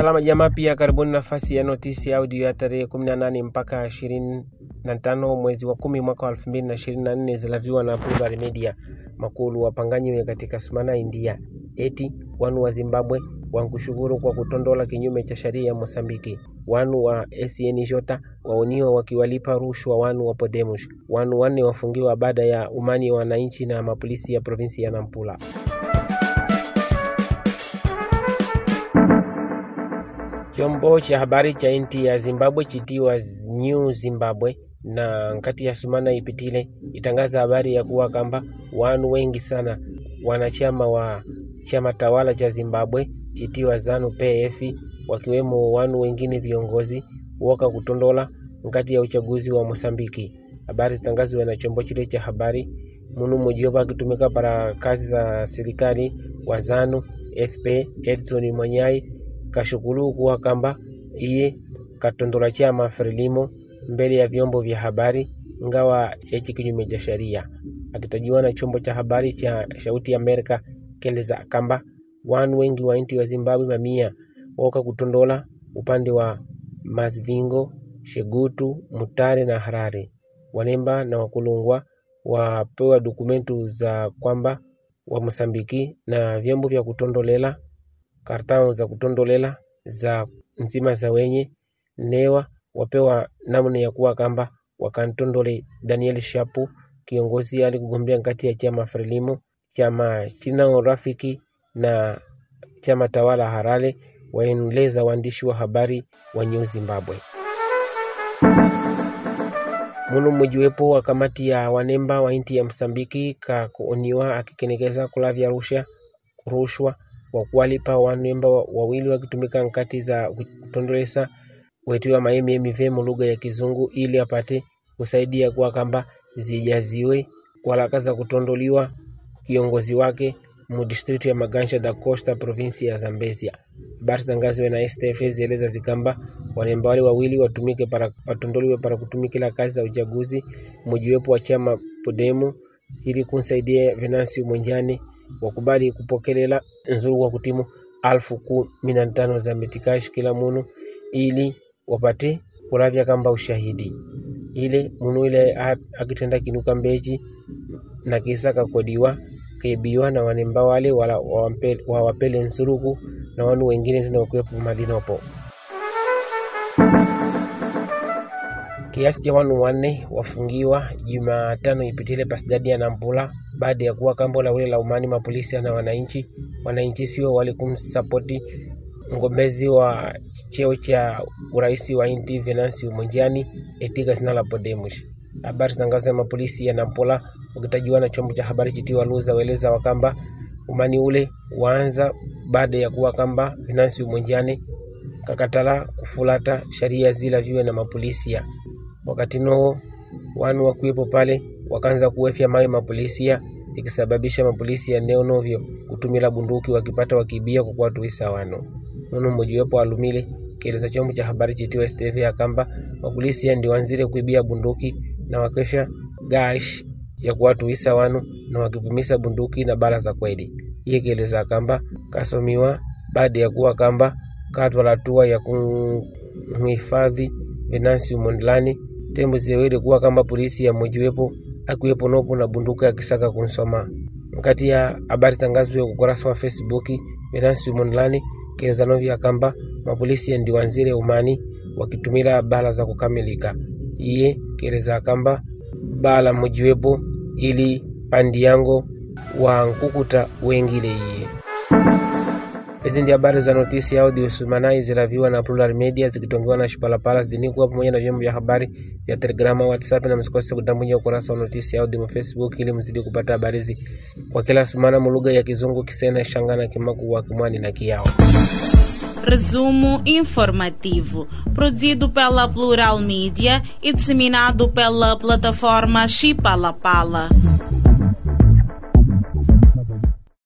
Salama jamaa, pia karibuni nafasi ya notisi audio ya tarehe 18 mpaka 25 mwezi wa 10 mwaka wa 2024 zilaviwa na Plural Media. Makulu wapanganyiwe katika sumana India eti wanu wa Zimbabwe wankushukuru kwa kutondola kinyume cha sheria ya Mosambiki. Wanu wa SN Jota waoniwa wakiwalipa rushwa wanu wa Podemos. Wanu wanne wafungiwa baada ya umani wa wananchi na mapolisi ya provinsi ya Nampula. chombo cha habari cha inti ya zimbabwe chitiwa new zimbabwe na nkati ya sumana ipitile itangaza habari ya kuwa kamba wanu wengi sana wanachama wa chama tawala cha zimbabwe chitiwa zanu pf wakiwemo wanu wengine viongozi woka kutondola nkati ya uchaguzi wa mosambiki habari zitangaziwe na chombo chile cha habari munu mujoba akitumika para kazi za serikali wa zanu fp edson mwanyai kashukulu kuwa kamba iye katondola chama Frelimo mbele ya vyombo vya habari ngawa echi kinyume cha sharia Akitajiwa na chombo cha habari cha Sauti ya Amerika keleza kamba wanu wengi wa inti wa Zimbabwe mamia woka kutondola upande wa Masvingo, Shegutu, Mutare na Harare. Wanemba na wakulungwa wapewa dokumentu za kwamba wa Msambiki na vyombo vya kutondolela kartao za kutondolela za nzima za wenye newa wapewa namna ya kuwa kamba wakantondole Daniel Shapu kiongozi alikugombea nkati ya chama Frelimo, chama china urafiki na chama tawala Harare, waeneleza waandishi wa habari wa New Zimbabwe muno mwejiwepo wa kamati ya wanemba wa inti ya Msambiki kakooniwa akikenekeza kulavya rusha rushwa wa kuwalipa wanemba wawili wakitumika nkati za kutondolesa wetiwa maimi emive mulugha ya kizungu ili apate kusaidia kuwa kamba zijaziwe walaka za kutondoliwa kiongozi wake mu ya Magansha da Costa provinsi ya Zambezia. Habari zitangaziwe na STF zieleza zikamba wanemba wale wawili watumike para, watondoliwe para kutumikila kazi za uchaguzi mujiwepo wa chama Podemu ili kunsaidia Venansi Mwenjani wakubali kupokelela nzuru wa kutimu alfu kumi na tano za metikash kila munu ili wapate kulavya kamba ushahidi ile munu ile akitenda kinuka mbechi na kisa kakodiwa kebiwa na wanemba wale wala wawapele nsuruku na wanu wengine tena wakiwepo madinopo kiasi cha wanu wanne wafungiwa Jumatano ipitile pasidadi ya nambula baada ya kuwa kambo la ule la umani mapolisi na wananchi. Wananchi sio walikumsapoti mgombezi wa cheo cha urais wa inti Venansi Umonjani etika sina la Podemos. Habari zinaangaza mapolisi ya Nampola ukitajiwa na chombo cha habari chiti luza weleza wakamba umani ule waanza baada ya kuwa kamba Venansi Umonjani kakatala kufulata sheria zila viwe na mapolisi ya Wakati noho wanu wakuwepo pale wakaanza kuwefya mawe mapolisia, ikisababisha mapolisi ya neo novyo kutumila bunduki wakipata wakibia kwa kuwatuisa wanu. Nunu mojiwepo alumili kieleza chombo cha habari chitiwa STV ya kamba mapolisia ndi wanzire kuibia bunduki na wakesha gash ya kuwatuisa wanu na wakivumisa bunduki na bala za kweli. Iye kieleza kamba kasomiwa baada ya kuwa kamba katwala hatua ya kumhifadhi venansi Mondlane tembo ziwili kuwa kamba polisi ya yamojiwepo akiwepo nopo na bunduka akisaka kunsoma. Mkati ya habari tangazwe ukurasa wa Facebook binafsi monlani kelezano vya kamba mapolisi yandiwanzire umani wakitumila bala za kukamilika iye kereza kamba bala mujiwepo ili pandi yango wankukuta wengile iye Hizi ndio habari za notisi audio Sumanai zilaviwa na Plural Media zikitongewa na Shipalapala zidini kuwa pamoja na vyombo vya habari vya Telegrama, WhatsApp na msikose kutambunja ukurasa wa notisi audio Facebook ili mzidi kupata habari hizi kwa kila sumana mulugha ya Kizungu, Kisena, Shangana, kimaku wa Kimwani na Kiao. Resumo informativo, produzido pela Plural Media e disseminado pela plataforma Chipalapala.